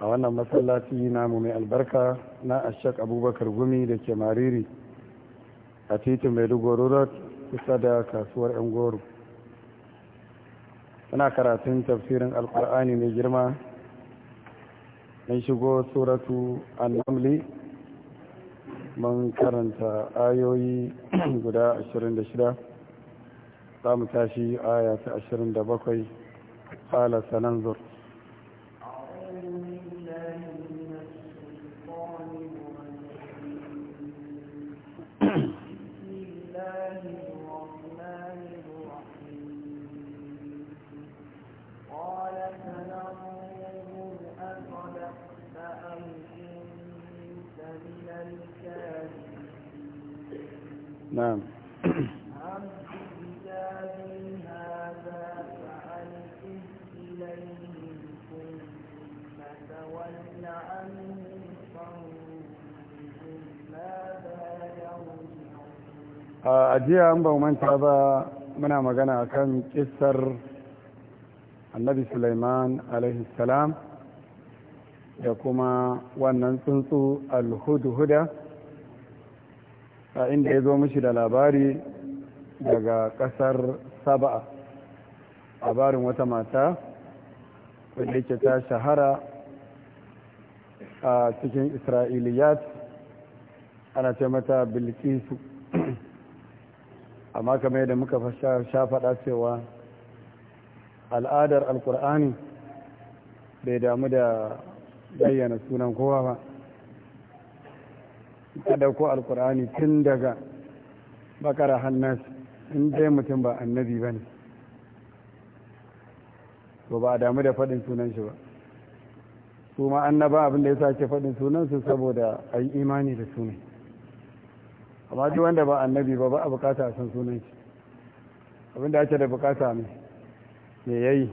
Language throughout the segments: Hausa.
a wannan masallaci namu mai albarka na ashek abubakar gumi da ke mariri a titin maiduguri road kusa da kasuwar yan goro suna karatun tafsirin alkur'ani mai girma mun shigo suratu annamli mun karanta ayoyi guda 26 za mu tashi aya ta 27 قال sananzur. نعم a jiya an manta ba muna magana kan ƙisar annabi Sulaiman alaihi salam da kuma wannan tsuntsu alhudhuda A inda ya zo mishi da labari daga kasar saba'a labarin wata mata wadda yake ta shahara a cikin isra'iliyat ana ce mata bilkisu amma kamar yadda muka sha faɗa cewa al'adar alkur'ani bai damu da bayyana sunan kowa ba da dauko alkur'ani tun daga bakara hannas in dai mutum ba annabi ba ne to ba a damu da faɗin sunan shi ba su ma annaba abin da ya sake faɗin sunan su saboda a yi imani da sunan amma duk wanda ba annabi ba ba a bukata a san sunan shi abin da ake da bukata ne me yi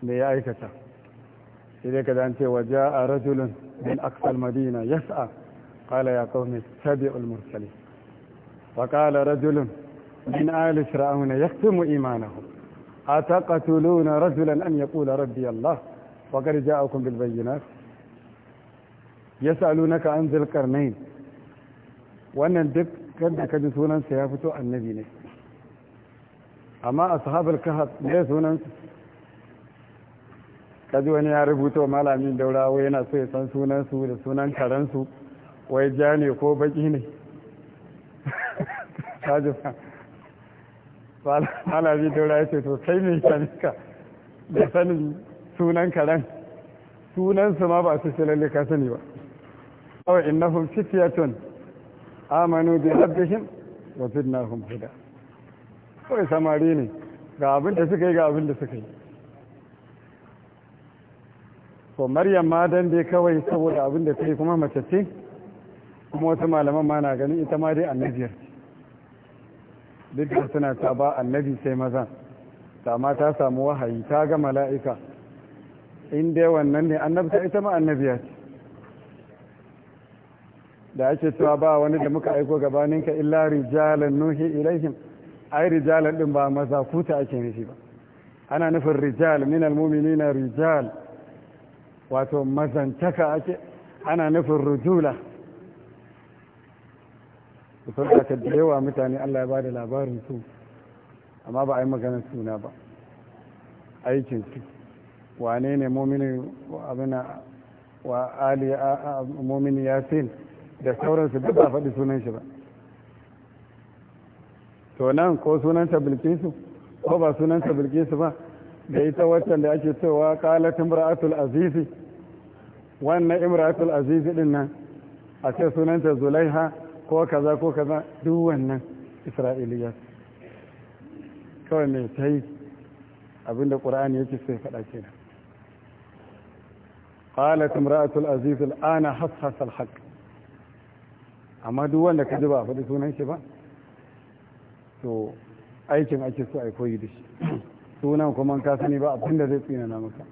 me ya aikata sai dai ka ce waje a rajulun min aksal madina yas'a قال يا قوم اتبعوا المرسلين وقال رجل من آل فرعون يختم إيمانه أتقتلون رجلا أن يقول ربي الله وقد جاءكم بالبينات يسألونك عن ذي القرنين وأن الدب كان كدسونا سيافته النبي نفسه أما أصحاب الكهف ليسونا kaji wani ya rubuto malamin daura wai yana so سونا san sunan su wai ja ne ko baki ne kaji ba malabi daura ya ce to kai ne shamika da sanin sunan karen sunan su ma ba su shi lalle ka sani ba kawai hun fitiyatun amanu bi rabbihim wa zidnahum huda kawai samari ne ga abin da suka yi ga abin da suka yi to maryam ma dan dai kawai saboda abin da ta yi kuma mace ce kuma wasu malaman ma na ganin ita ma dai annabiyar duk da suna ta ba annabi sai maza ta ma ta samu wahayi ta ga mala'ika in dai wannan ne annabta ita ma annabiya ce da ake cewa ba wani da muka aiko gabaninka illa rijalan nuhi ilaihim ai rijalan din ba maza kuta ake nufi ba ana nufin rijal min almu'minina rijal wato mazantaka ake ana nufin rujula kusan da da yawa mutane Allah ya ba da labarin su amma ba a yi maganar suna ba aikin su wane ne momini yasin da sauransu duk ba faɗi sunan shi ba to nan ko sunanta bilkisu ko ba sunanta bilkisu ba da ita waccan da ake cewa kalat imra'atul azizi wannan imra'atul azizi din nan a ce sunanta zulaiha ko kaza ko kaza duk wannan isra'iliya kawai mai ta yi abinda ƙura'ani yake sai faɗa ke nan قالت امرأة ana الآن حصحص amma duk wanda ka ji ba faɗi sunan shi ba to aikin ake so a koyi da shi sunan kuma ka sani ba abinda da zai na maka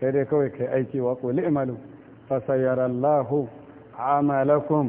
kai dai kawai kai aiki wa qul i'malu fa amalakum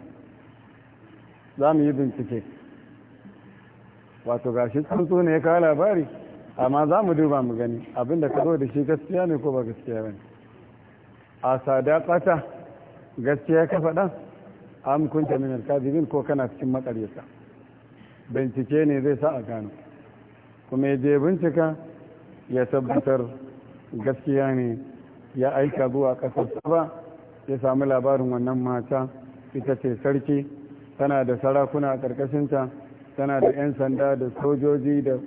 za mu yi bincike wato gashi tsuntsu ne ya kawo labari amma za mu duba mu gani abinda ka zo da shi gaskiya ne ko ba gaskiya ba ne a sadakata gaskiya ka faɗa am kunta min alkazibin ko kana cikin makaryata bincike ne zai sa a gano kuma ya je bincika ya tabbatar gaskiya ne ya aika zuwa ƙasar ba ya sami labarin wannan mata ita ce sarki tana da sarakuna a ƙarƙashinta tana da 'yan sanda da sojoji da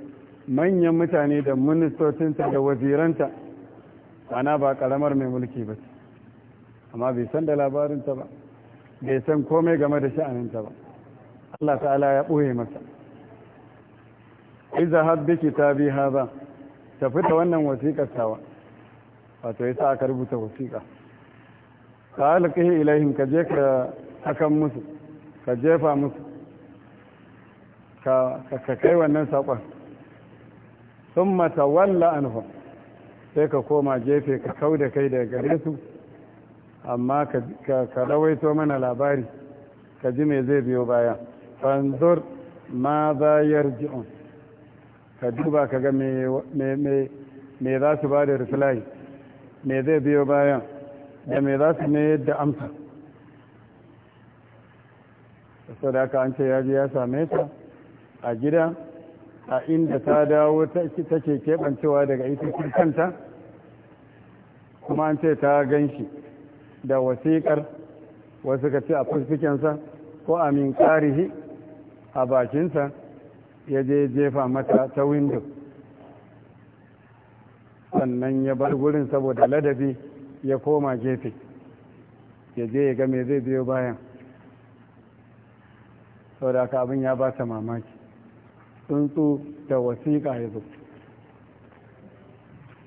manyan mutane da ministocinta da waziranta ana ba ƙaramar mai mulki ba amma bai san da labarinta ba bai san komai game da sha'aninta ba Allah ta'ala ya ɓoye masa iza habbi kitabi haza tafi ta wannan wasiƙar tawa wato sa aka rubuta wasiƙa ka alƙihi ilahin ka je ka hakan musu ka jefa musu ka kai wannan saƙon sun mata walla anhu sai ka koma jefe ka kau da kai daga gare su amma ka rawaito mana labari ka ji me zai biyo baya fanzur ma za yarji'un ka duba ka ga me za su ba da reply me zai biyo bayan da me za su ne yadda amsa sau da an ce ya je ya same ta a gida a inda ta dawo ke keɓancewa daga ita kanta kuma an ce ta gan shi da wasiƙar wasu ka ce a fuskikensa ko a min ƙarihi a bakinsa ya je jefa mata ta windo sannan ya bar gurin saboda ladabi ya koma gefe ya je ya ga me zai biyo bayan saboda haka abin ya ba ta mamaki tsuntsu da wasiƙa ya zo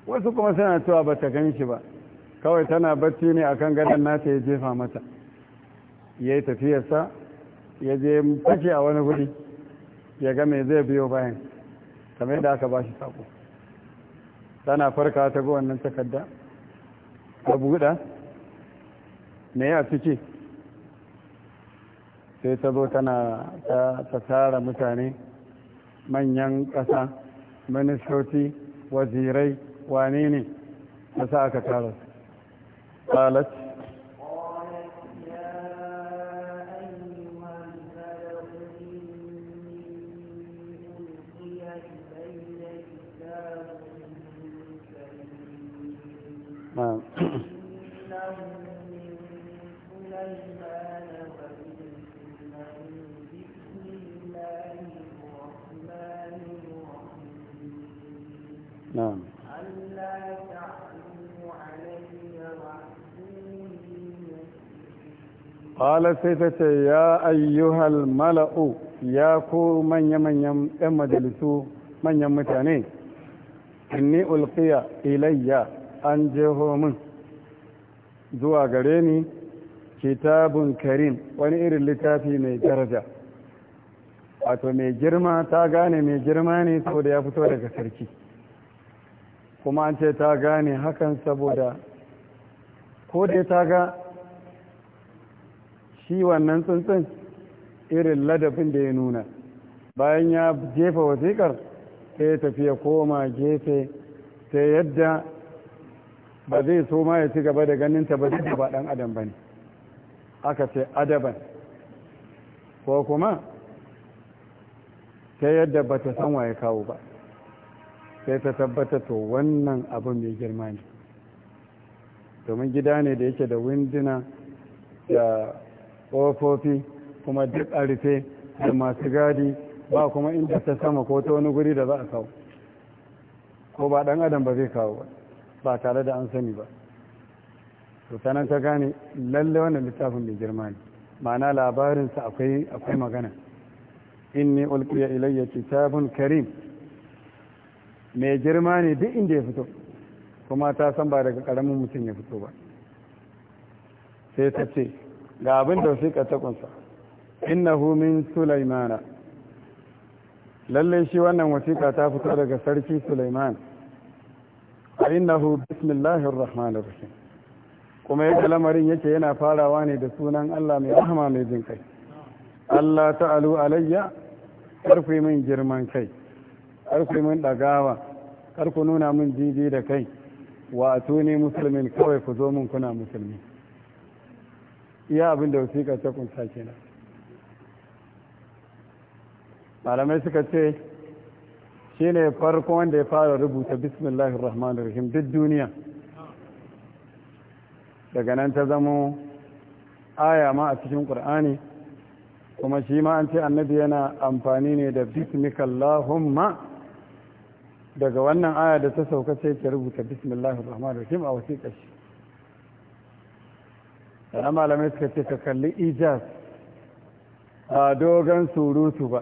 wasu kuma suna cewa ba ta gan shi ba kawai tana bacci ne akan gadon nata ya jefa mata ya yi tafiyarsa ya je fashe a wani guri ya ga mai zai biyo bayan kamar yadda aka ba shi sako tana farka ta ga wannan takarda ta buɗa me a ciki sai ta zo tana ta tara mutane manyan ƙasa ministoci wazirai wane ne ta sa aka tara su qala sai ta ce ya ayyuhal mala'u ya ku manya-manyan 'yan majalisu manyan mutane inni ulqiya ilayya an jeho min zuwa gare ni kitabun karim wani irin littafi mai daraja wato mai girma ta gane mai girma ne saboda ya fito daga sarki kuma an ce ta gane hakan saboda ko dai ta ga shi wannan tsuntsun irin ladabin da ya nuna bayan ya jefa wasikar sai tafiya tafi ya koma gefe sai yadda ba zai so ma ya ci gaba da ganin ta ba zai ba ɗan adam ba ne aka ce adaban ko kuma ta yadda ba ta san waye kawo ba sai ta tabbata to wannan abu mai girma ne domin gida ne da yake da windina da ƙofofi kuma duk a rufe da masu gadi ba kuma inda ta sama ko ta wani guri da za a kawo ko ba ɗan adam ba zai kawo ba ba tare da an sani ba to ta ta gane lalle wannan littafin mai girma ne ma'ana labarinsa akwai akwai magana inni ulqiya ilayya kitabun karim mai girma ne duk inda ya fito kuma ta san ba daga karamin mutum ya fito ba sai ta ce ga abin da wasiƙa ta innahu min sulaimana lallai shi wannan wasiƙa ta fito daga sarki sulaiman a innahu bismillahir rahmanir rahim kuma yadda lamarin yake yana farawa ne da sunan Allah mai rahama mai jin kai Allah ta'alu alayya yi min girman kai yi min dagawa karku nuna min jiji da kai wa tuni musulmin kawai ku zo min kuna musulmi iya abin da wasiƙa ta kunsa kenan malamai suka ce shi ne farko wanda ya fara rubuta bismillahir rahmanir rahim duk duniya daga nan ta zamo aya ma a cikin qur'ani kuma shi ma an ce annabi yana amfani ne da bismikallahumma daga wannan aya da ta sauka sai ta rubuta bismillahir rahmanir rahim a wasiƙar shi sana malamai suka ce ka kalli ijaz a dogon surutu ba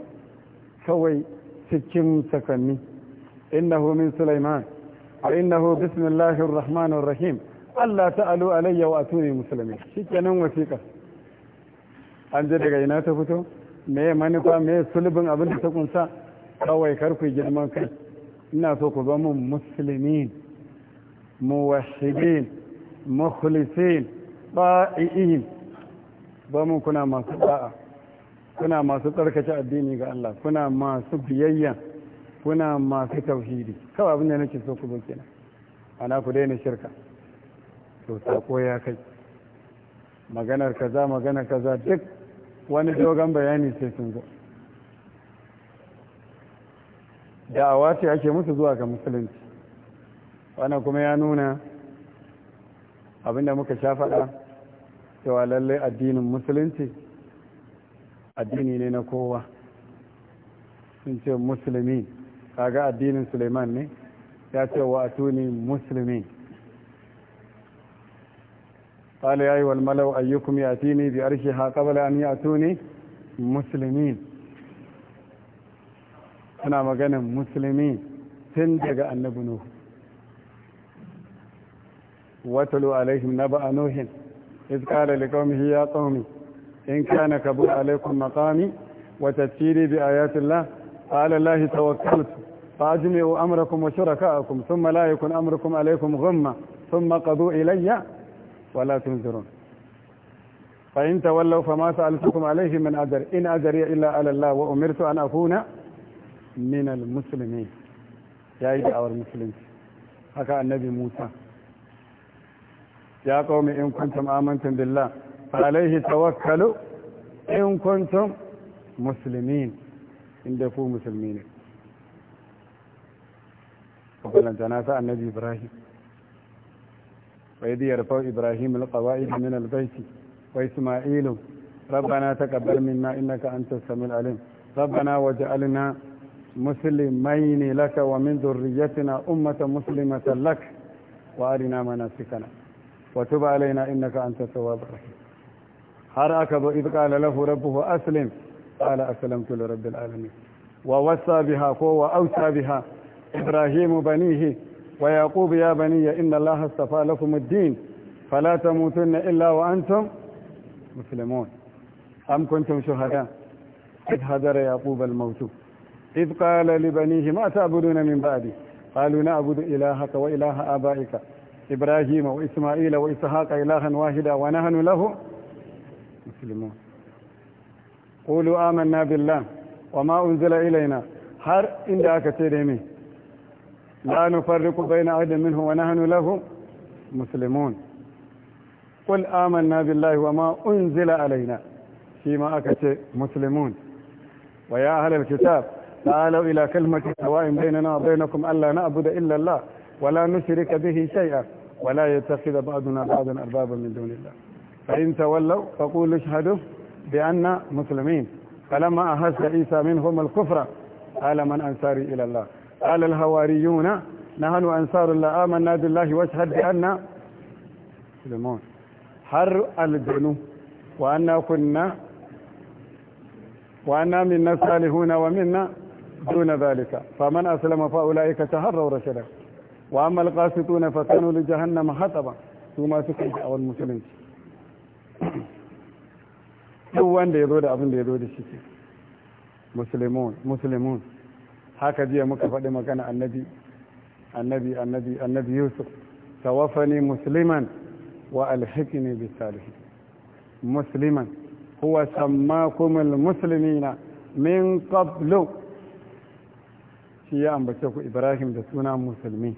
kawai cikin sakanni innahu min sulaiman A innahu bismillahir rahmanir rahim Allah ta'alu alayya wa atuni musulmi shikenan wasiƙa an je daga ina ta fito me manufa me sulbin abin da ta kunsa kawai kar ku girman kai ina so ku zama musulmi muwahhidin mukhlisin ta'i'ihim ba mu kuna masu da'a kuna masu tsarkace addini ga Allah kuna masu biyayya kuna masu tauhidi kawai abin da nake so ku zo kenan ana ku daina shirka to sako ya kai maganar kaza maganar kaza duk wani dogon bayani sai sun zo da'awa ce ake musu zuwa ga musulunci wannan kuma ya nuna abinda muka sha faɗa cewa lallai addinin musulunci addini ne na kowa sun ce musulmi kaga addinin suleiman ne ya ce wa a tuni musulmi ya yi walmalau ayyukum ya tini bi arshi ha kabala an yi a tuni musulmi suna maganin musulmi tun daga annabi Wata watalu alaihim naba a nuhin إذ قال لقومه يا قوم إن كان كبر عليكم مقامي وتذكيري بآيات الله على الله توكلت فأجمعوا أمركم وشركاءكم ثم لا يكن أمركم عليكم غمة ثم قضوا إلي ولا تنذرون فإن تولوا فما سألتكم عليه من أجر إن أجري إلا على الله وأمرت أن أكون من المسلمين يا إدعى المسلمين haka annabi Musa ya kawo in kuntum amintun billah falaihi tawakkalu in kuntum musulmi inda ku musulmi ne kwallanta nasa annabi ibrahim wai diyar fau ibrahim alkawai min albaiti wai ismailu rabana ta kabar minna innaka anta samil alim rabbana waj'alna muslimaini laka wa min dhurriyyatina ummatan muslimatan lak wa arina manasikana وتب علينا إنك أنت التواب الرحيم حرأكب إذ قال له ربه أسلم قال أسلمت لرب العالمين ووسى بها قوة أوسى بها إبراهيم بنيه ويعقوب يا بني إن الله استفى لكم الدين فلا تموتن إلا وأنتم مسلمون أم كنتم شهداء إذ هدر يعقوب الموت إذ قال لبنيه ما تعبدون من بعدي قالوا نعبد إلهك وإله آبائك إبراهيم وإسماعيل وإسحاق إلها واحدا ونحن له مسلمون قولوا آمنا بالله وما أنزل إلينا har inda aka ce da mai la nufarriqu baina ahadin minhu wa nahnu lahu muslimun qul amanna billahi wa ma unzila alaina shi ma aka ce muslimun wa ya ahlal kitab ta'alu ila kalimati wa allah ولا نشرك به شيئا ولا يتخذ بعضنا بعضا أربابا من دون الله فإن تولوا فقولوا اشهدوا بأن مسلمين فلما أهز عيسى منهم الكفر قال من أنصاري إلى الله قال الهواريون نحن أنصار الله آمنا بالله واشهد بأن مسلمون حر الجنوب وأنا كنا وأنا منا الصالحون ومنا دون ذلك فمن أسلم فأولئك تهروا رشدا wa amal qasituna fa kanu li jahannama su ma suka yi awal musulunci duk wanda ya zo da abin da ya zo da shi ke musulmun haka jiya muka faɗi magana annabi annabi annabi annabi yusuf tawaffani musliman wa alhikini bi salihin musliman huwa sammakum almuslimina min qablu shi ya ambace ku ibrahim da suna musulmi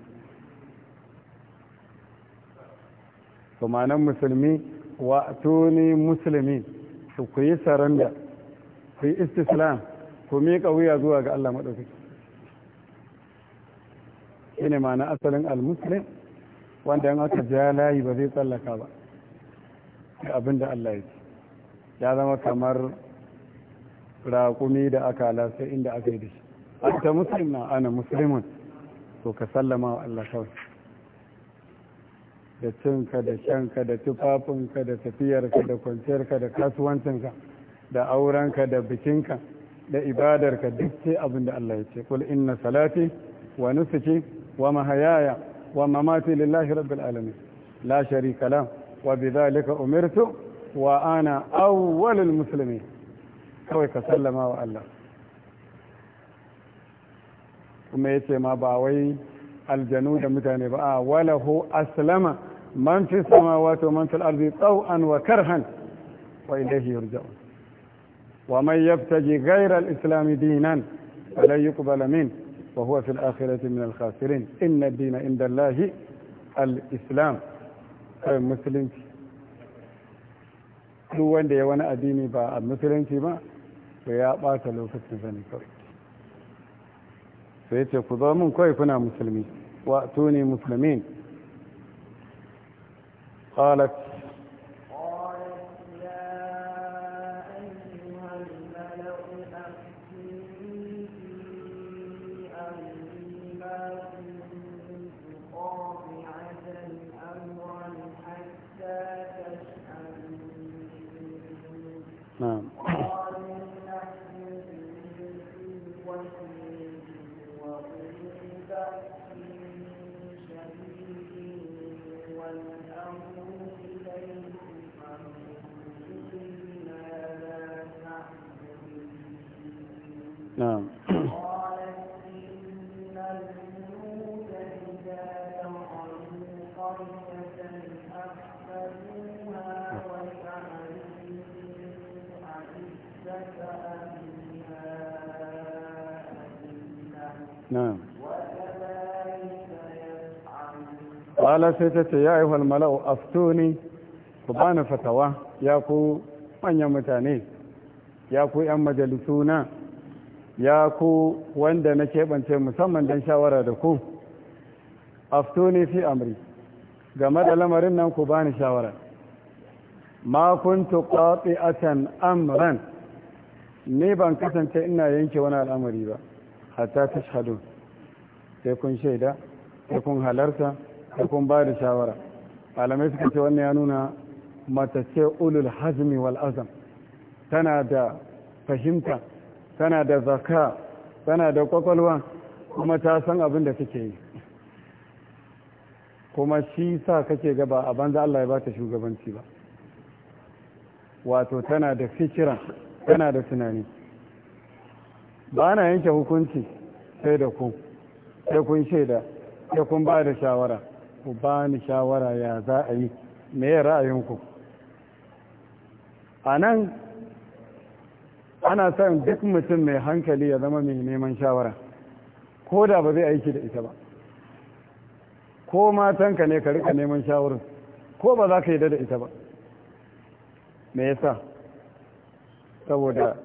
su manan musulmi wa tuni musulmi su ku yi saranda ku yi istislam ku miƙa wuya zuwa ga Allah maɗaukaki shi ne na asalin al wanda yan aka ja layi ba zai tsallaka ba ga abin Allah ya ya zama kamar raƙumi da aka lasa inda aka yi da shi ta muslim na ana musulmin to ka sallama wa Allah kawai da cinka da shanka da tufafinka da tafiyarka da kwanciyarka da kasuwancinka da aurenka da bikinka da ibadarka duk ce abin da Allah ya ce kul inna salati wa nusuki wa mahayaya wa mamati lillahi rabbil alamin la sharika la wa bidhalika umirtu wa ana awwalul muslimin kawai ka sallama wa Allah kuma yace ma ba wai الجنود متانبا آه، وله أسلم من في السماوات ومن في الأرض طوءا وكرها وإليه يرجعون ومن يبتغي غير الإسلام دينا فلا يقبل منه وهو في الآخرة من الخاسرين إن الدين عند الله الإسلام مسلم كل وين دي وانا اديني با مسلم كي ما ويا باتا لو فتن فاني كوي سيتي قضامون كوي كنا مسلمين وأتوني مسلمين قالت na'am sai ta ce ya aihwal mala'u aftoni ku bani fatawa ya ku manyan mutane ya ku 'yan majalisuna ya ku wanda na keɓance musamman don shawara da ku aftoni fi amri game da lamarin nan ku bani shawara ma kuntu qati'atan amran ne ban kasance ina yanke wani al'amari ba hatta shahadu sai kun shaida sai kun halarta sai kun ba da shawara malamai suka ce wannan ya nuna mata ce ulul hazmi wal azam tana da fahimta tana da zaka tana da kwakwalwa kuma ta san abin da take yi kuma shi sa kake gaba a banza Allah ya ba ta shugabanci ba wato tana da fikira yana da tunani ba na yanke hukunci sai da ku sai kun shaida sai kun ba da shawara ku ba ni shawara ya za a yi me ra'ayinku a nan ana son duk mutum mai hankali ya zama mai neman shawara ko da ba zai aiki da ita ba ko matanka ne ka rika neman shawarar ko ba za ka yi da ita ba me yasa saboda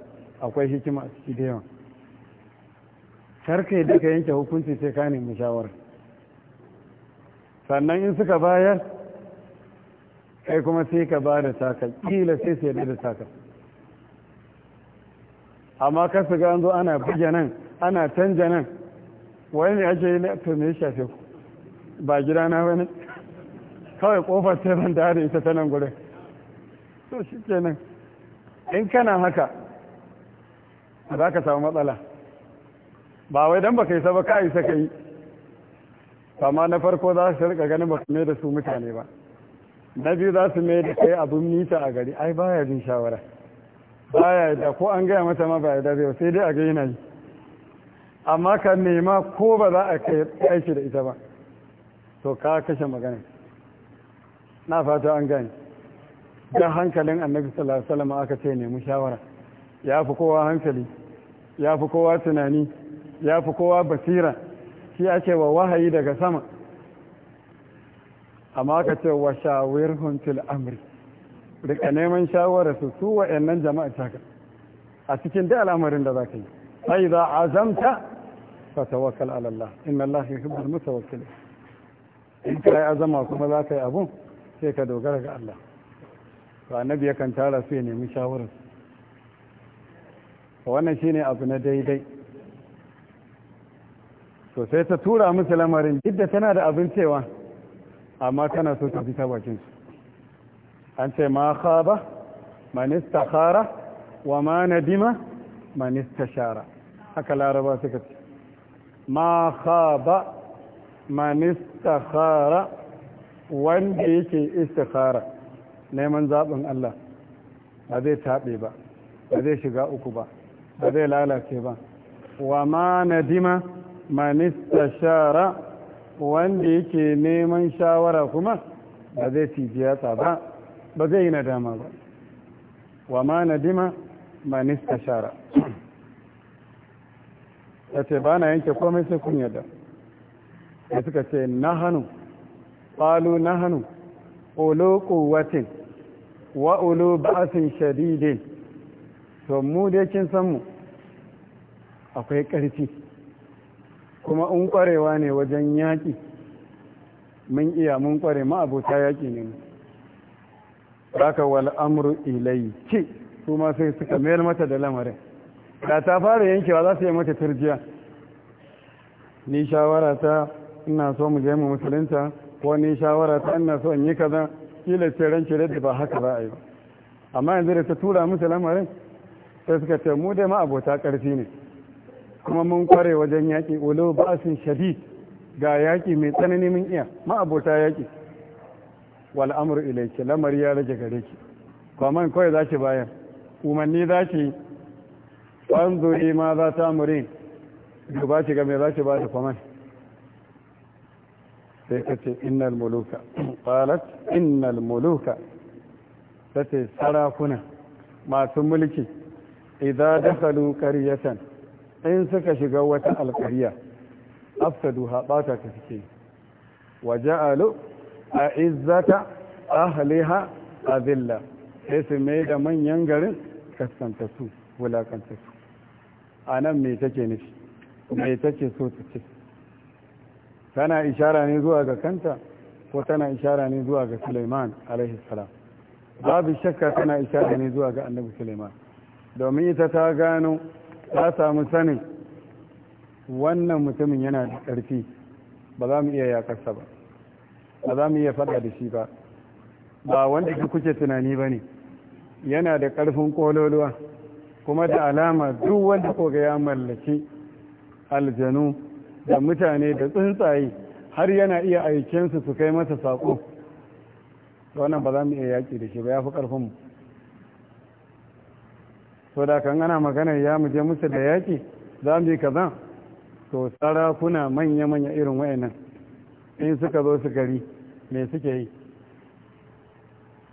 akwai hikima a ciki da yawa karka yadda ka yanke hukunci sai ka nemi shawar sannan in suka bayar kai kuma sai ka ba da saka kila sai su yadda da saka amma ka su gano ana buge nan ana canja nan wani ne ake yi na to me shafe ku ba gida na wani kawai kofar ce ban da ita ta nan gurin to shi kenan in kana haka za ka samu matsala ba wai don baka yi saba ka sa ka yi amma na farko za su rika ganin baka mai da su mutane ba na biyu za su mai da kai abin mita a gari ai ya jin shawara yi da ko an gaya mata ma ba ya da zai sai dai a ga yana yi amma ka nema ko ba za a kai aiki da ita ba to ka kashe magana na fata an gani. dan hankalin annabi sallallahu alaihi wasallam aka ce nemi shawara ya fi kowa hankali ya fi kowa tunani ya fi kowa basira shi ake wa wahayi daga sama amma aka ce wa shawirhum fil amri rika neman shawara su su wa yannan jama'a taka a cikin da al'amarin da za ka yi sai za azamta fa tawakkal ala Allah inna Allah yuhibbul mutawakkilin in kai azama kuma za ka yi abun sai ka dogara ga Allah to annabi kan tara su ya nemi shawarar wannan shine abu na daidai to sai ta tura musu lamarin duk da tana da abin cewa amma tana so ta fi ta bakin su an ce ma khaba man istakhara wa ma nadima man istashara haka laraba suka ce ma khaba man istakhara wanda yake istikhara neman zaɓin Allah ba zai taɓe ba ba zai shiga uku ba ba zai lalace ba wa ma nadima manista shara wanda yake neman shawara kuma ba zai cijiyata ba ba zai yi nadama ba wa ma nadima manista shara ya ce ba na yanke komai sai kun yadda da suka ce na hannu ƙalu na hannu ƙolo ƙuwatin wa ulu ba'sin shadidin to mu dai kin san mu akwai ƙarfi kuma in ƙwarewa ne wajen yaƙi mun iya mun ƙware ma abota yaƙi ne mu wal amru ilayki Kuma sai suka mayar mata da lamarin da ta fara yankewa za su yi mata turjiya ni shawara ta ina so mu je mu musulunta ko ni shawara ta ina so in yi kaza kila ce ran da ba haka za ba amma yanzu da ta tura musu lamarin sai suka ce mu da ma abota karfi ne kuma mun kware wajen yaƙi ulo sun shadid ga yaƙi mai tsanani mun iya ma abota yaƙi wal amru ilayki lamari ya rage gare ki kwaman kawai za ki bayan umarni za ki fanzuri ma za ta murin duba ki ga mai za ki ba da kwaman sai ka ce innal muluka qalat innal muluka tace sarakuna masu mulki idza dakhalu qaryatan in suka shiga wata alqarya afsaduha bata ta suke wa ja'alu a'izzata ahliha azilla sai su mai da manyan garin kaskanta su wulakanta su a nan me take nufi me take so ta ce tana ishara ne zuwa ga kanta ko tana ishara ne zuwa ga Sulaiman alaihi salam babu shakka tana ishara ne zuwa ga annabi suleiman domin ita ta gano ta samu sanin wannan mutumin yana da ƙarfi ba za mu iya yakarsa ba ba za mu iya faɗa da shi ba ba wanda kuke tunani ba ne yana da ƙarfin kololuwa kuma da alama duk wanda koga ya mallaki aljanu da mutane da tsuntsaye har yana iya aikensu su kai masa saƙo da wannan ba za mu iya yaƙi da shi ba ya fi ƙarfinmu so da kan ana magana ya mu je musu da yaƙi za mu yi kaza to sarakuna manya-manya irin wayannan in suka zo su gari me suke yi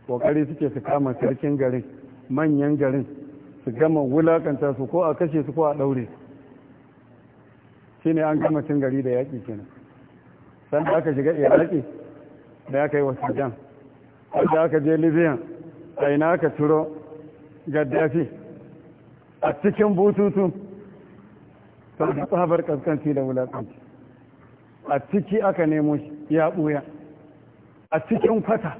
ƙoƙari suke su kama sarkin garin manyan garin su gama wulakanta su ko a kashe su ko a ɗaure shi ne an gama cin gari da yaƙi kenan san da aka shiga iraki da aka yi wa jan da aka je libya a ina aka turo gaddafi a cikin bututu sau da tsabar kaskanci da wulakanci a ciki aka nemo ya ɓuya a cikin kwata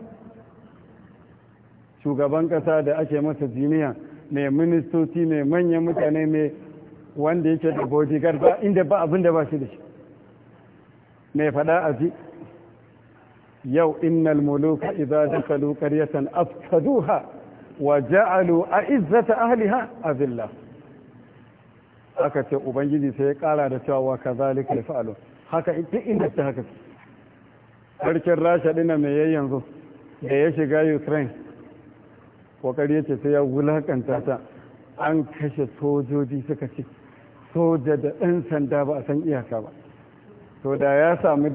shugaban ƙasa da ake masa jiniya mai ministoci mai manyan mutane mai wanda yake da bodyguard ba inda ba abin ba shi da shi mai fada a ji yau innal muluka idza dakalu qaryatan afsaduha wa ja'alu a'izzata ahliha azilla aka ce ubangiji sai ya kara da cewa wa kazalika yaf'alu haka duk inda ta haka sarkin rasha dina mai yayi yanzu da ya shiga ukraine kokari yace sai ya wulakanta ta an kashe sojoji suka ce soja da ɗan sanda ba a san iyaka ba to da ya sami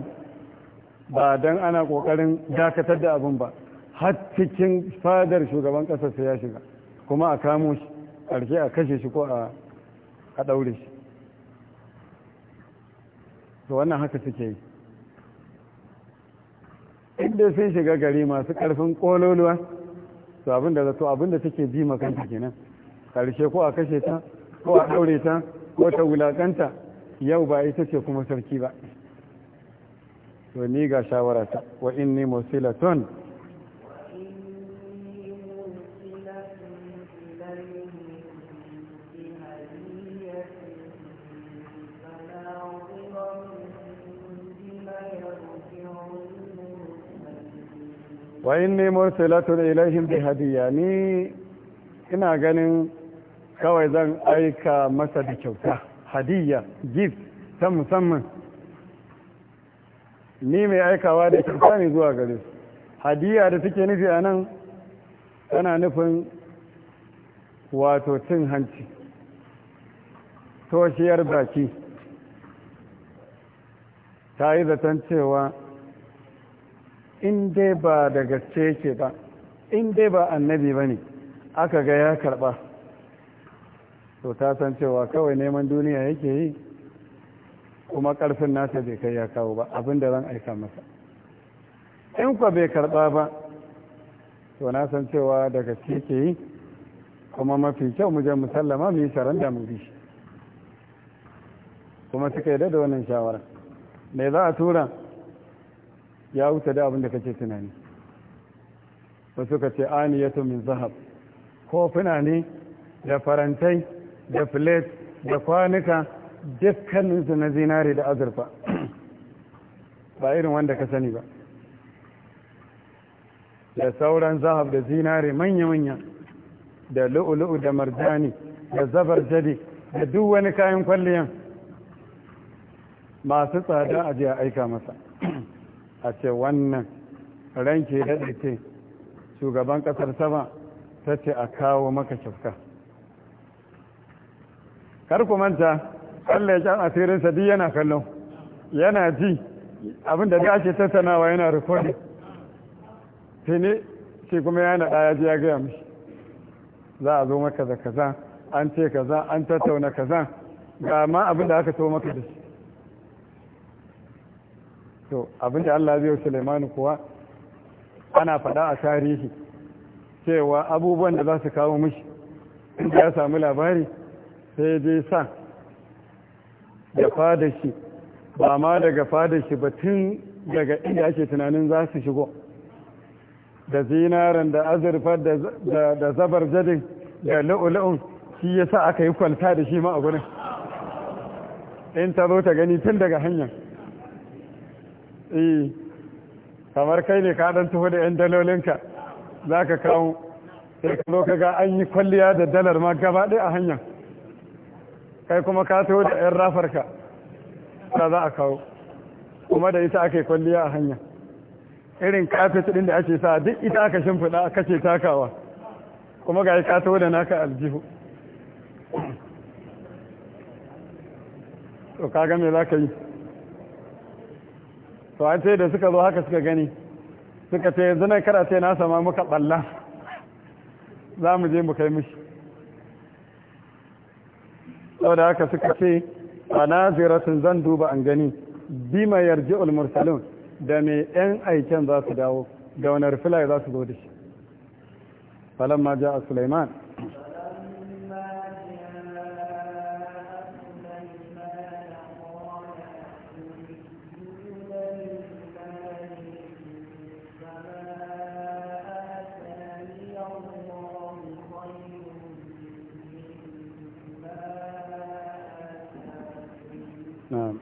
ba don ana kokarin dakatar da abin ba har cikin fadar shugaban kasar sai ya shiga kuma a kamo shi ƙarshe a kashe shi ko a ɗaure shi to wannan haka suke yi inda sun shiga gari masu ƙarfin ƙololuwa to abinda zato abinda take bi makanta kenan ƙarshe ko a kashe ta ko a ɗaure ta ko ta wulaƙanta yau ba ita ce kuma sarki ba to ni ga shawarata wa inni musilatun wa inni mursilatun ilaihim bi hadiya ni ina ganin kawai zan aika masa da kyauta hadiya gift ta musamman ni mai aikawa da kyauta ne zuwa gare su hadiya da take nufi a nan tana nufin wato cin hanci toshiyar baki ta yi zaton cewa in dai ba da gaske yake ba in dai ba annabi ba ne aka ga ya karba to ta san cewa kawai neman duniya yake yi kuma ƙarfin nasa bai kai ya kawo ba abin da zan aika masa in kwa bai karɓa ba to na san cewa daga ke yi kuma mafi kyau mu je mu sallama mu yi saranda mu bi kuma suka yi da wannan shawara me za a tura ya wuce da abin da kake tunani wasu ka ce aniyatu min zahab kofuna ne da farantai da filet da kwanuka dukkaninsu na zinare da azurfa ba irin wanda ka sani ba da sauran zahab da zinare manya-manya da lu'ulu'u da marjani da zabar jadi da duk wani kayan kwalliyan masu tsada a ji a aika masa a ce wannan ranke da ce shugaban ƙasar sama ta ce a kawo maka kyauta kar ku manta Allah ya jan asirinsa duk yana kallon yana ji abin da ake tattanawa yana rikodi sai ne sai kuma ya naɗa ya ji ya gaya mishi za a zo maka da kaza an ce kaza an tattauna kaza ga ma abin da aka so maka da shi to abin da Allah zai Sulaimanu kuwa ana faɗa a tarihi cewa abubuwan da za su kawo mishi inda ya samu labari sai dai sa da fadashi shi ba ma daga fadashi ba tun daga inda ake tunanin za su shigo da zinaren da azurfar da zabar jadin da la'ula'un shi ya sa aka yi kwalta da shi ma a gurin in ta zo ta gani tun daga hanyar eh, kamar kai ne ka ɗan tuhu da 'yan dalolinka za ka kawo sai ka zo ka ga an yi kwalliya da dalar ma gaba ɗaya a hanyar kai kuma ka taho da 'yan rafarka ta za a kawo kuma da ita aka yi kwalliya a hanya irin kafet ɗin da ake sa duk ita aka shimfiɗa aka ce takawa kuma ga ka taho da naka aljihu to kaga me za ka yi to an da suka zo haka suka gani suka ce yanzu na kara ce na sama muka ɓalla za mu je mu kai mishi saboda haka suka ce a na naziratun zan duba an gani ma yarji ulmursalin da mai yan aiken za su dawo da wani rufila za su zo da shi ma ja a suleiman نعم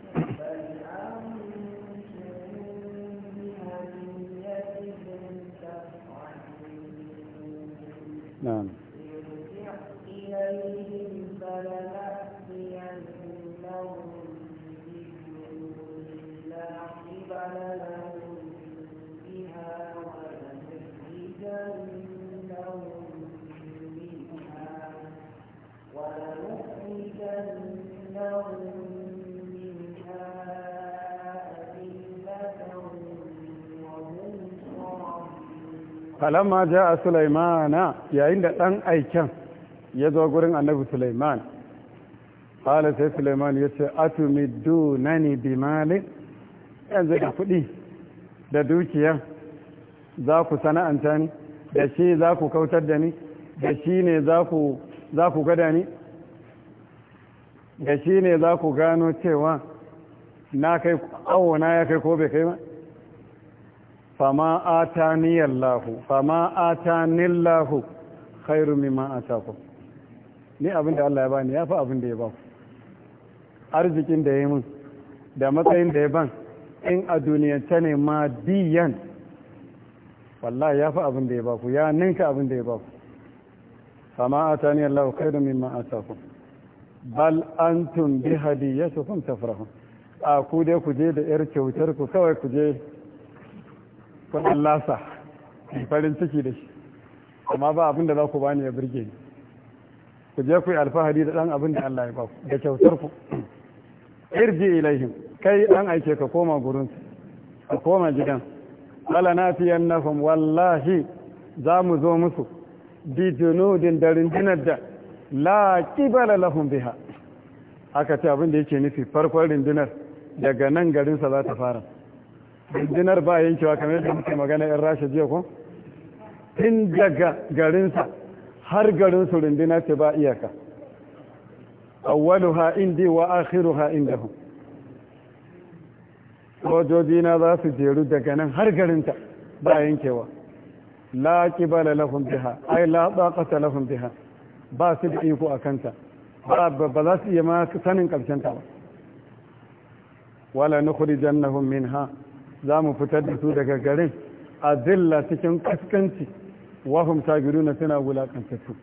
falamma a sulaimana yayin da ɗan aiken ya zo gurin annabi sulaiman ƙala sai sulaiman ya ce bimali yanzu da kuɗi da dukiya za ku sana'anta ni da shi za ku kautar da ni da shi ne za ku gada ni da shi ne za ku gano cewa na kai awona ya kai ko bai kai ba fama ataniyallahu fama atanillahu khairu mimma atakum ni abin da Allah ya bani ya fi abin da ya ba arzikin da ya mun da matsayin da ya ban in a duniyance ne ma diyan wallahi fi abin da ya ba ku ya ninka abin da ya ba ku fama ataniyallahu khairu mimma ku bal antum bi hadiyatukum tafrahun a ku dai ku je da yar kyautar ku kawai ku je kun allasa farin ciki da shi amma ba abin da za ku bani ya birge ni ku je ku yi alfahari da ɗan abin da Allah ya ba ku da kyautar ku irji ilaihim kai ɗan aike ka koma gurin ka koma gidan ala nafiyan nafam wallahi za mu zo musu bi junudin da rindinar da la kibala lahum biha aka ce abin da yake nufi farkon rindinar daga nan garinsa za ta fara rundunar ba yankewa kamar yadda muke magana yan rasha jiya ko tun daga garinsa har su runduna ce ba iyaka ha indi wa ha akhiruha indahum sojojina za su jeru daga nan har garinta ba yankewa la qibala lahum biha ai la taqata lahum biha ba su da iko a ta ba za su iya ma sanin karshen ta ba wala nukhrijannahum minha za mu fitar da su daga garin a zilla cikin kaskanci wahum na suna wulakantattu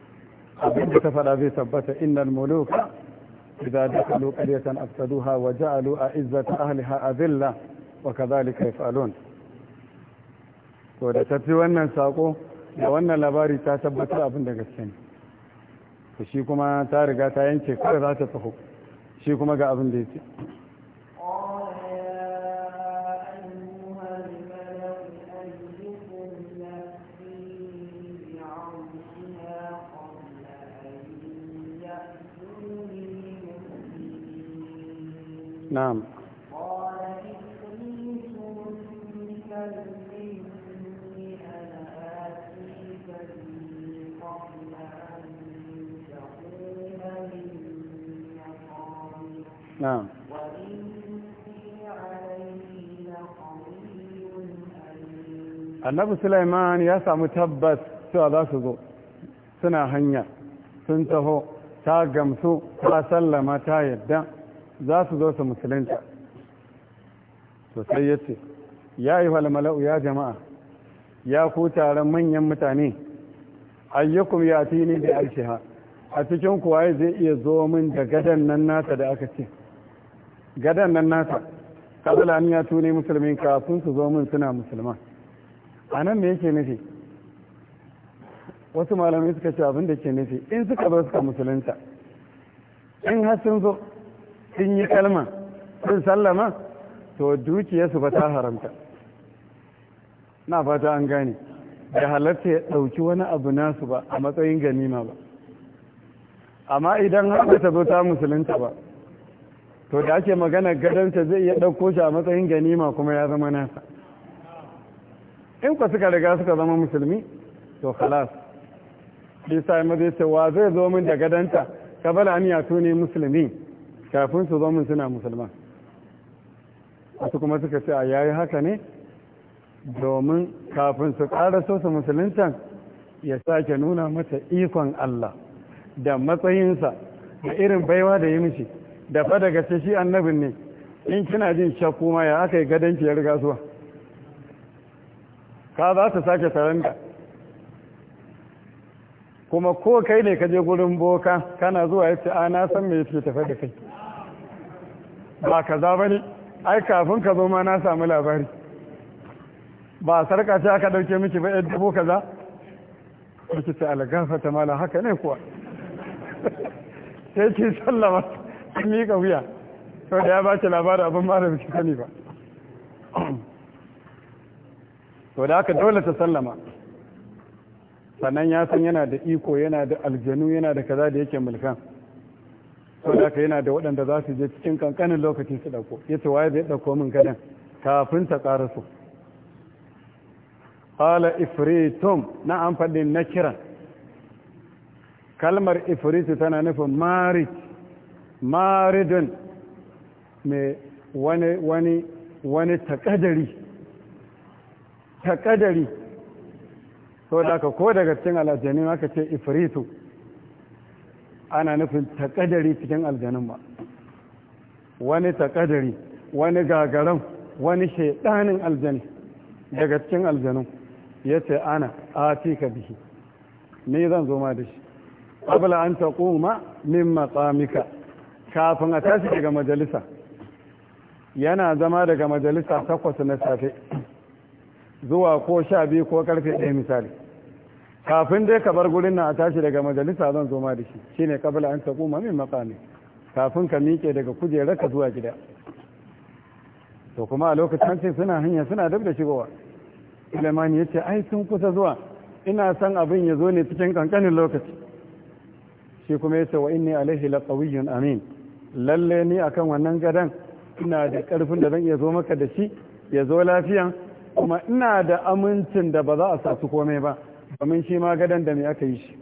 abinda ta faɗa zai tabbata innal muluka idza dakalu qaryatan afsaduha wa ja'alu a'izzata ahliha azilla wa kadhalika yaf'alun to da tafi wannan sako da wannan labari ta tabbatar abin da gaske ne to shi kuma ta riga ta yanke kada za ta taho shi kuma ga abin da yake نعم نعم annabi Sulaiman ya samu tabbas cewa za su zo suna hanya sun taho ta gamsu ta sallama ta yadda za su zo su musulunta to sai ya ce ya yi mala'u ya jama'a ya ku taron manyan mutane ayyukum ya tini da aishiha a cikin kuwa zai iya zo min da gadan nan nata da aka ce gadan nan nata kazalan ya tuni musulmin kafin su zo min suna musulma a nan me yake nufi wasu malamai suka ce abin da ke nufi in suka zo suka musulunta in har sun zo sun yi kalma sun sallama to dukiyarsu ba ta haramta na fata an gane da halatta ya ɗauki wani abu nasu ba a matsayin ganima ba amma idan har ba ta zo ta musulunta ba to da ake magana gadonta zai iya ɗauko shi a matsayin ganima kuma ya zama nasa in ku suka riga suka zama musulmi to khalas isa ya mazai ce zai zo min da gadonta bala ni yato ne musulmi kafin su zo suna musulman wasu kuma suka ce a yayi haka ne domin kafin su so su musuluncan ya sake nuna mata ikon Allah da matsayinsa da irin baiwa da yi mishi da fa daga ce shi annabin ne in kina jin shakku ma ya aka yi gadon ya riga zuwa ka za ta sake saranta kuma ko kai ne ka je gurin boka kana zuwa ya ce na san me yake tafe da kai ba kaza ne ai kafin ka zo ma na samu labari ba sarka ce aka dauke miki ba yadda boka za ki ce algafa ta mala haka ne kuwa sai ce sallama ki miƙa wuya sau da ya ba baki labarin abin ma da biki sani ba sau da aka dole ta sallama sannan ya san yana da iko yana da aljanu yana da kaza da yake mulkan to da ka yana da waɗanda za su je cikin kankanin lokaci su ɗauko ya ce waye zai ɗauko min gadan kafin ta ƙara su qala ifritum na an na kiran kalmar ifritu tana nufin marid maridun mai wani wani wani takadari takadari da ka ko daga cikin aljanu aka ce ifritu ana nufin takadari cikin aljanun ba wani takadari wani gagaran wani shaidanin aljani daga cikin aljanu ya ce ana Acika ka bihi ni zan zo ma da shi abula an kuma min matsamika kafin a tashi daga majalisa yana zama daga majalisa takwas na safe zuwa ko sha biyu ko karfe ɗaya misali kafin dai ka bar gurin nan a tashi daga majalisa zan zo ma da shi shine kabila an ta ma min makami kafin ka miƙe daga kujerar ka zuwa gida to kuma a lokacin ce suna hanya suna dab da shigowa ilimani ya ce ai sun kusa zuwa ina son abin ya zo ne cikin kankanin lokaci shi kuma ya ce wa inni alaihi laqawiyyun amin lallai ni akan wannan gadon ina da karfin da zan iya zo maka da shi ya zo lafiyan kuma ina da amincin da ba za a sasu komai ba domin shi ma gadon da mai aka yi shi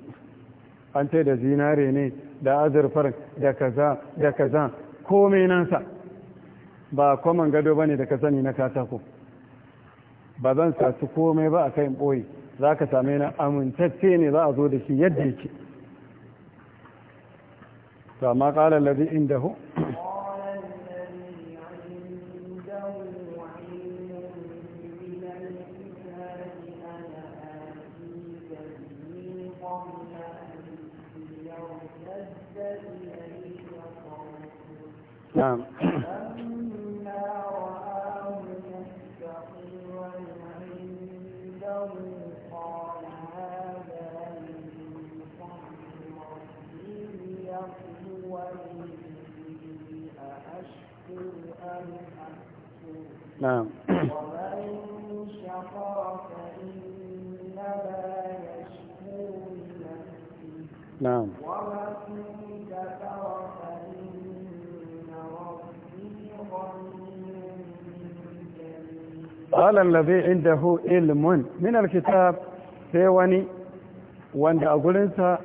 an ce da zinare ne da azurfar da kaza da kaza komai nansa ba kwaman gado ba ne da ka sani na katako ba zan sasu komai ba a kai ɓoye za ka same na amintacce ne za a zo da shi yadda yake to amma ƙalar lazi inda نعم ومن شقى فإنما يشكو لنفسه نعم ومن كفر فإن ربي غني قال الذي عنده علم من الكتاب sai wani wanda a gurinsa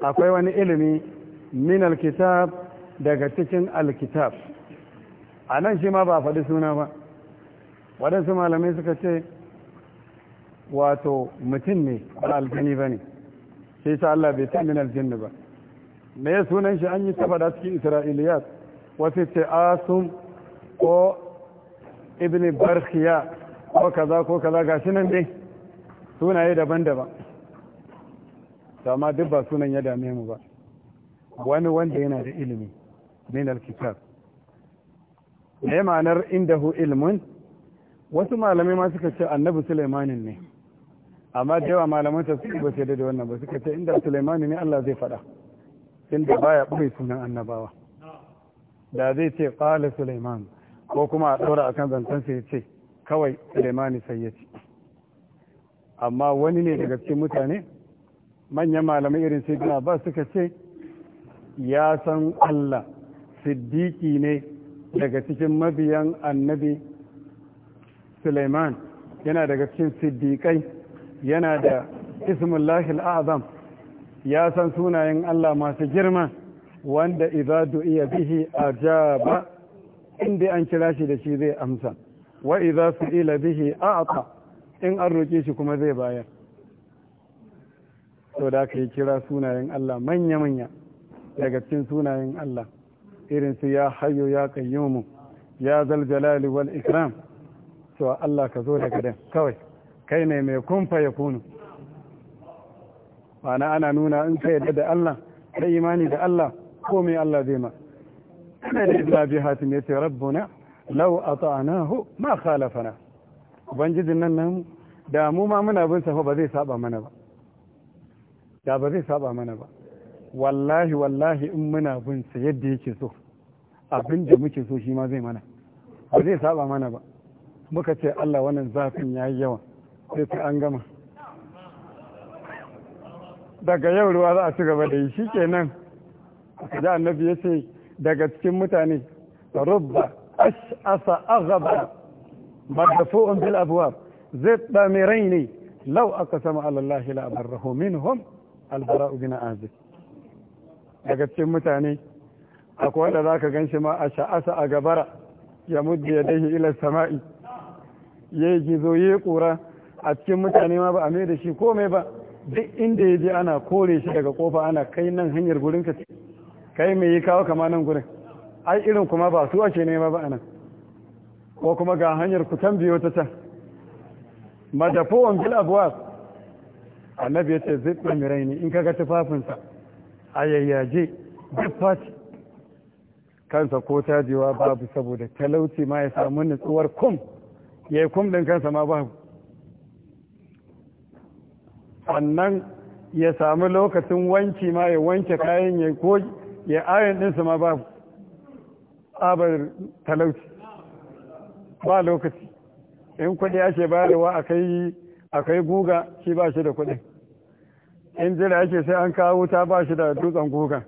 akwai wani ilimi min alkitab daga cikin alkitab a nan shi ma ba faɗi suna ba waɗansu malamai suka ce wato mutum ne ba aljani ba ne sai sa Allah bai san min aljanna ba me ya sunan shi an yi ta faɗa cikin isra'iliyat wasu ce asum ko ibn barkiya ko kaza ko kaza shi nan dai sunaye daban-daban amma duk ba sunan ya dame mu ba wani wanda yana da ilimi min alkitab me ma'anar indahu ilmun wasu malamai ma suka ce annabi sulaimanin ne amma da yawa malaman suke ba su yadda da wannan ba suka ce inda sulaimani ne Allah zai faɗa inda baya ɓoye sunan annabawa da zai ce ƙala sulaiman ko kuma a a akan zancen sai ya ce kawai sulaimani sai ya ce amma wani ne daga cikin mutane manyan malamai irin sai gina ba suka ce ya san Allah siddiƙi ne daga cikin mabiyan annabi Suleiman yana daga cikin siddiƙai yana da ismullahil azam ya san sunayen Allah masu girma wanda iza du'iya bihi ba inda an kira shi da shi zai amsa wa su ila bihi aka in an roƙe shi kuma zai bayar to da aka yi kira sunayen Allah manya-manya daga cikin sunayen Allah irin su ya hayo ya kayyomu ya zal jalali wal ikram cewa Allah ka zo daga dan kawai kai ne mai kumfa ya kunu ba ana nuna in ka yadda da Allah da imani da Allah ko mai Allah zai ma kana da ibla bi hatim yace rabbuna law ata'nahu ma khalafana ubangijin nan nan da mu ma muna bin sa ba zai saba mana ba da ba zai saba mana ba wallahi wallahi in muna bin sa yadda yake so abin da muke so shi ma zai mana ba zai saba mana ba muka ce Allah wannan zafin ya yi yawa sai ta an gama daga yau ruwa za a ci gaba da yi shi ke kenan da annabi ya ce daga cikin mutane rubba ash'asa da madfu'un bil abwab zai rai ne lau aka sama alallahi la'abarrahu minhum albara'u bin azib daga cikin mutane akwai wanda zaka shi ma a sha'asa a gabara ya ya yadayhi ila sama'i ya gizo ya yi kura a cikin mutane ma ba a mai da shi komai ba duk inda ya je ana kore shi daga kofa ana kai nan hanyar gurin ka kai mai yi kawo kama nan gurin ai irin kuma ba su ake nema ba anan ko kuma ga hanyar ku tambiyo ta can madafuwan bil abwab annabi ya ce zibbi ne in ka ga tufafinsa a yayyaje duk fati kansa ko tajewa babu saboda talauci ma ya samu nutsuwar kum ya yi kumɗin kansa ma babu sannan ya sami lokacin wanci ma ya wanke kayan ya ko ya ayon ɗinsa ma babu abar talauci ba lokaci in kuɗi ake bayarwa a kai guga shi ba shi da kuɗi in jira ake sai an kawo ta ba shi da dutsen guga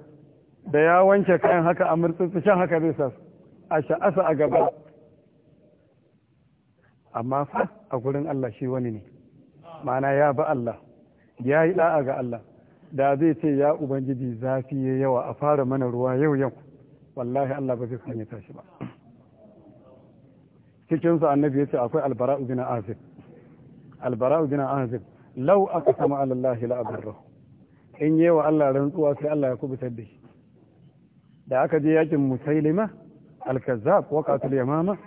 da ya wanke kayan haka a murtsutsu shan haka zai sa a sha'asa a gaba amma fa a gurin Allah shi wani ne ma'ana ya ba Allah ya yi da'a ga Allah da zai ce ya ubangiji zafi ya yawa a fara mana ruwa yau yau wallahi Allah ba zai sanya shi ba cikinsu annabi ya ce akwai albara'u bin azib albara'u bin azib lau aka sama alallahi la'abarra in yi wa Allah rantsuwa sai Allah ya kubutar da shi da aka je yakin musailima alkazzab waqatul yamama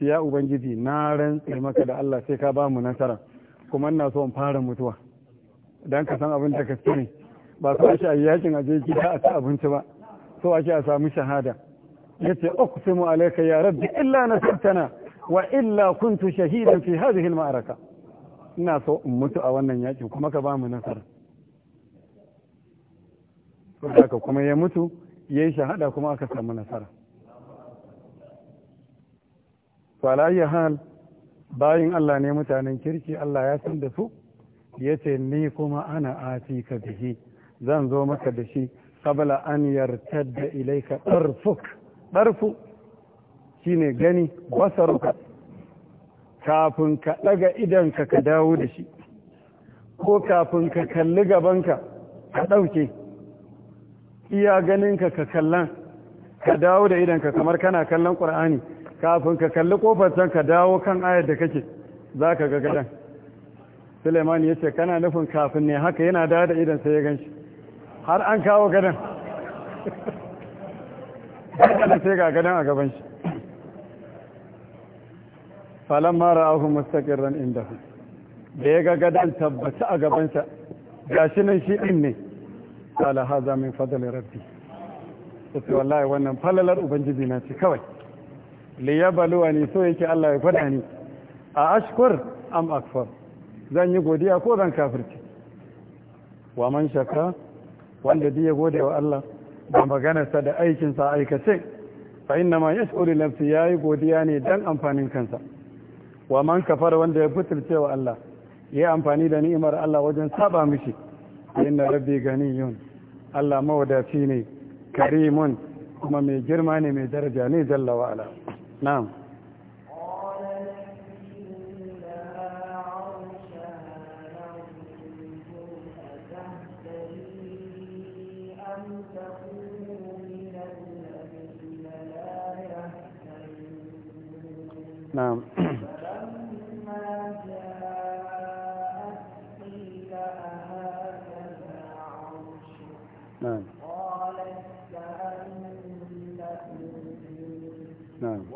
ya ubangiji na rantse maka da Allah sai ka ba mu nasara kuma ina so in fara mutuwa dan ka san abin da gaske ne ba so shi a yakin a gida a ci abinci ba so ake a samu shahada yace uqsimu alayka ya rabbi illa nasartana wa illa kuntu shahidan fi hadhihi al-ma'araka ina so in mutu a wannan yakin kuma ka ba mu nasara kuma ya mutu ya yi shahada kuma aka samu nasara to alayya hal bayin Allah ne mutanen kirki Allah ya san da su ya ce ni kuma ana ati ka bihi zan zo maka da shi qabla an yartadda ilayka darfuk darfu shine gani basaruka kafin ka daga idanka ka dawo da shi ko kafin ka kalli gabanka ka ɗauke iya ganinka ka kallan ka dawo da idanka kamar kana kallon ƙur'ani kafin ka kalli kofar can ka dawo kan ayar da kake za ka ga gadan suleiman ya ce kana nufin kafin ne haka yana da da idan sai ya gan shi har an kawo gadan da sai ga gadan a gaban shi falon mara ahu mustaƙirran inda da ya ga gadan tabbata a gabansa ga shi nan shi ɗin ne ala haza min fadalin rabbi sai wallahi wannan falalar ubangiji na ce kawai Liyabaluwa ne ni so yake Allah ya faɗa ni a ashkur am akfar zan yi godiya ko zan kafirci wa man shaka wanda duk gode wa Allah da maganarsa da aikinsa aikace fa inna ma yashkuru nafsi yayi godiya ne dan amfanin kansa wa man kafar wanda ya butulce wa Allah ya amfani da ni'imar Allah wajen saba mishi inna rabbi ganiyun Allah mawadaci ne karimun kuma mai girma ne mai daraja ne jalla wa نعم نعم نعم نعم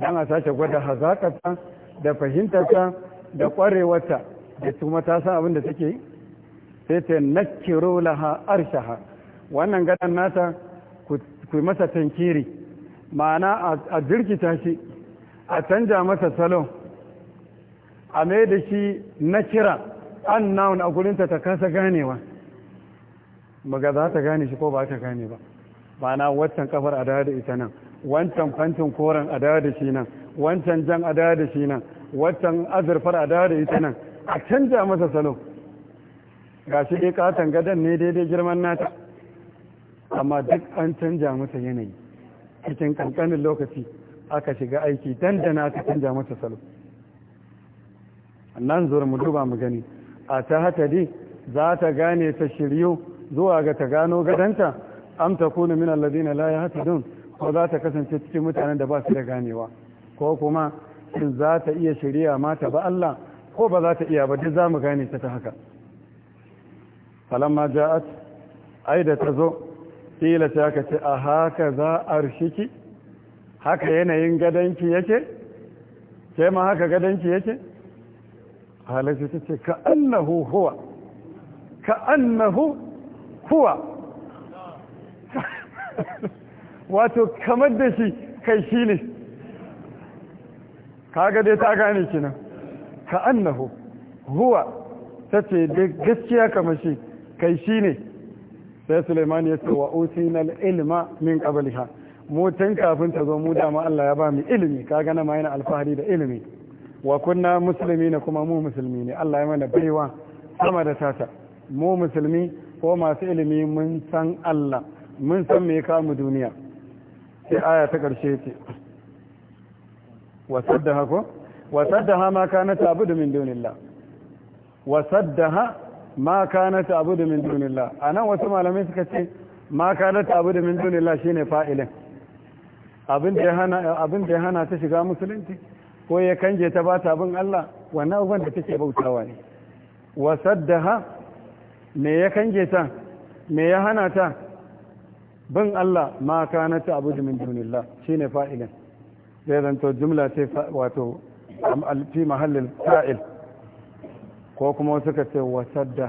don a sace gwada hazakata da fahimtata da ƙwarewata da kuma ta san abin da take yi sai ta nakiro laha arshaha wannan gadon nata ku masa tankiri ma'ana a jirkita shi a canja masa salo a mai da shi na kira an naun a gurinta ta kasa ganewa ba za ta gane shi ko ba ta gane ba ma'ana watan kafar a da ita nan wancan fantin koren a dawo da shi nan wancan jan a dawo da shi nan wancan azurfar a dawo da ita nan a canja masa salo ga shi dai katon gadon ne daidai girman nata amma duk an canja masa yanayi cikin kankanin lokaci aka shiga aiki da nata canja masa salo nan zuwa mu duba mu gani a ta haka dai za ta gane ta shiryo zuwa ga ta gano gadanta am takunu min alladhina la yahtadun ko za ta kasance cikin mutanen da ba su da ganewa ko kuma shin za ta iya shirya mata ba Allah ko ba za ta iya ba duk za mu gane ta ta haka falamma ja'at ai da ta zo kila ta ka ce a haka za a rishiki haka yanayin gadanki yake ke ma haka gadanki yake halashi ta ce ka annahu huwa ka annahu huwa wato kamar da shi kai shi ne kaga dai ta gane shi nan ka annahu huwa ta ce da gaskiya kamar shi kai shi ne sai suleiman ya ce wa usinal ilma min qabliha mu tun kafin ta zo mu dama Allah ya ba mu ilimi kaga na ma yana alfahari da ilimi wa kunna musulmi ne kuma mu musulmi ne Allah ya mana baiwa sama da tata mu musulmi ko masu ilimi mun san Allah mun san me ya kamu duniya sai aya ta ƙarshe ce wasaddaha ko wasaddaha ma kana ta'budu min dunillah wasaddaha ma kana domin min dunillah anan wasu malamai suka ce ma kana ta'budu min dunillah shine fa'ilin abin da ya hana abin da ya hana ta shiga musulunci ko ya kanje ta bata abin Allah wannan abin da take bautawa ne wasaddaha me ya kanje ta me ya hana ta bin Allah ma kana ta abu min dunillah ne. fa'ilin zai zanto jumla ce wato fi mahallin fa'il ko kuma suka ce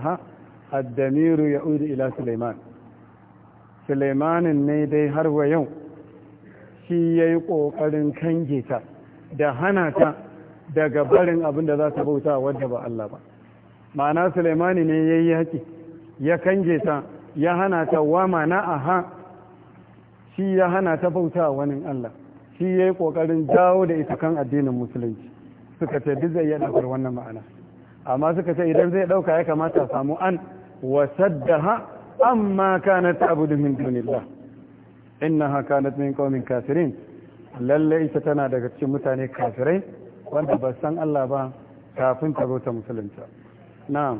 ha addamiru ya uri ila suleiman suleimanin ne dai har wa yau shi ya yi ƙoƙarin kange ta da hana ta daga barin abin da za ta bauta wadda ba Allah ba ma'ana suleimani ne ya yi haƙi ya kange ta ya hana ta wa mana aha shi ya hana ta bauta wani Allah shi ya yi ƙoƙarin jawo da ita kan addinin musulunci suka ce duk zai iya ɗaukar wannan ma'ana amma suka ce idan zai ɗauka ya kamata samu an wasaddaha amma kanat abudu min dunillah innaha kanat min qaumin kafirin lalle ita tana daga cikin mutane kafirai wanda ba san Allah ba kafin ta bauta musulunci na'am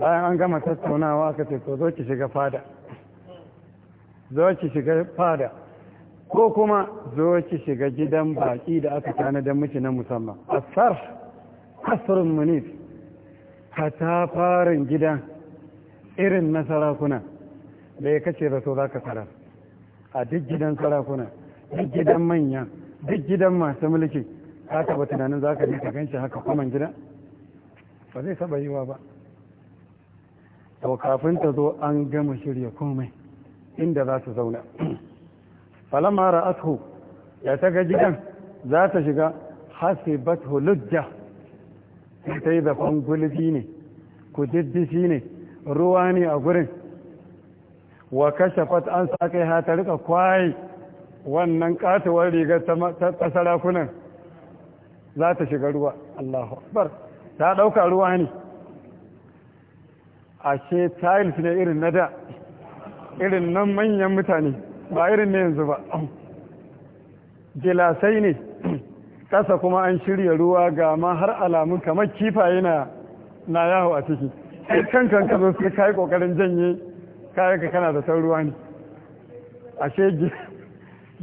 bayan an gama tattaunawa aka ce to zo ki shiga fada zo ki shiga fada ko kuma zo ki shiga gidan baki da aka tana da miki na musamman asar asrun munif hatafarin gidan irin na sarakuna da ya kace da so za ka a duk gidan sarakuna duk gidan manya duk gidan masu mulki ka taɓa tunanin za ka ka ganshi haka kwaman gida ba zai saba yiwa ba to kafin ta zo an gama shirya komai inda za ta zauna falamma ra'athu ya ta ga gidan za ta shiga hasibathu lujja ta yi zafan gulbi ne kujiddishi ne ruwa ne a gurin wa kashafat an sa ha ta rika kwaye wannan katuwar rigar ta za ta shiga ruwa Allahu Akbar ta ɗauka ruwa ne ashe tiles ne irin na da irin nan manyan mutane ba irin ne yanzu ba gilasai ne ƙasa kuma an shirya ruwa ga ma har alamu kamar kifaye na na a ciki ai kan kan ka zo sai ka yi ƙoƙarin janye kayan ka kana da san ruwa ne ashe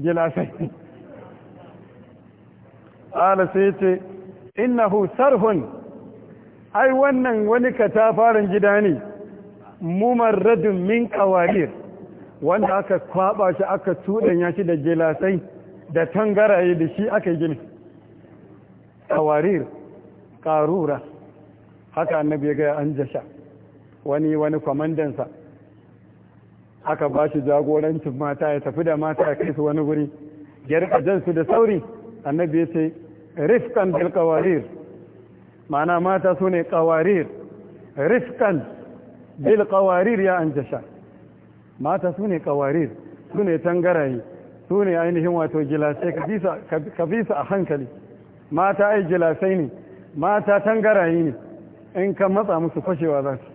gilasai ala sai ce innahu sarhun ai wannan wani katafaren gida ne mumarradun min qawarir wanda aka kwaba shi aka tudanya shi da gelasai da tangaraye da shi aka gini qawarir karura haka annabi ya gaya an jasha wani wani kwamandansa aka ba shi jagorancin mata ya tafi da mata ya kai su wani guri ya su da sauri annabi ya ce rifkan bil ma'ana mata su ne kawarir rifkan bil kawarir ya an jasha mata sune qawarir sune tangaraye sune ainihin wato gilasai ka a hankali mata ai gilasai ne mata tangaraye ne in ka matsa musu fashewa za su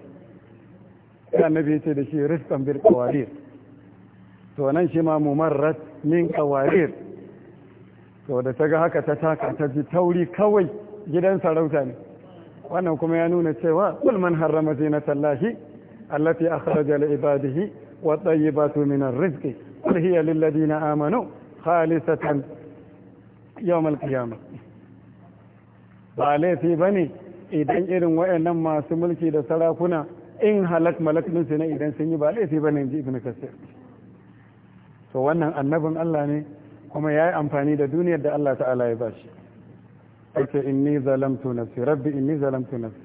ya ya ce da shi rizqan bil kawarir to nan shi ma mumarrat min kawarir to da ta ga haka ta taka ta ji tauri kawai gidan sarauta ne wannan kuma ya nuna cewa kul man harrama zinatallahi التي أخرج لعباده والطيبات من الرزق قل هي للذين آمنوا خالصة يوم القيامة ba laifi ba ne idan irin wayannan masu mulki da sarakuna in halak malak ɗinsu na idan sun yi ba laifi ba ne in ji ibn kasir to wannan annabin Allah ne kuma ya yi amfani da duniyar da Allah ta'ala ya bashi ake inni zalamtu nafsi rabbi inni zalamtu nafsi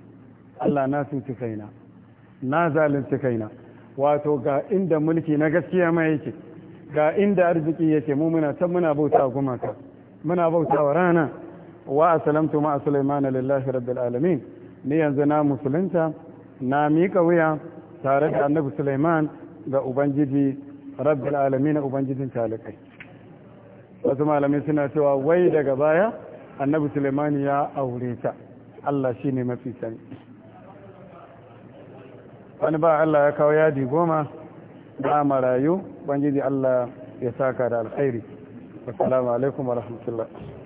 Allah na sun ci kaina na zalunci kaina wato ga inda mulki na gaskiya mai yake ga inda arziki yake mu muna can muna bauta gumaka muna bauta wa rana wa asalamtu ma sulaiman lillahi rabbil alamin ni yanzu na musulunta na mika wuya tare da annabi sulaiman ga ubangiji rabbil alamin ubangijin talikai wasu malamai suna cewa wai daga baya annabi sulaiman ya aure ta Allah shine mafi sani wani ba Allah ya kawo yadi goma na marayu ubangiji Allah ya saka da alkhairi assalamu alaikum wa rahmatullah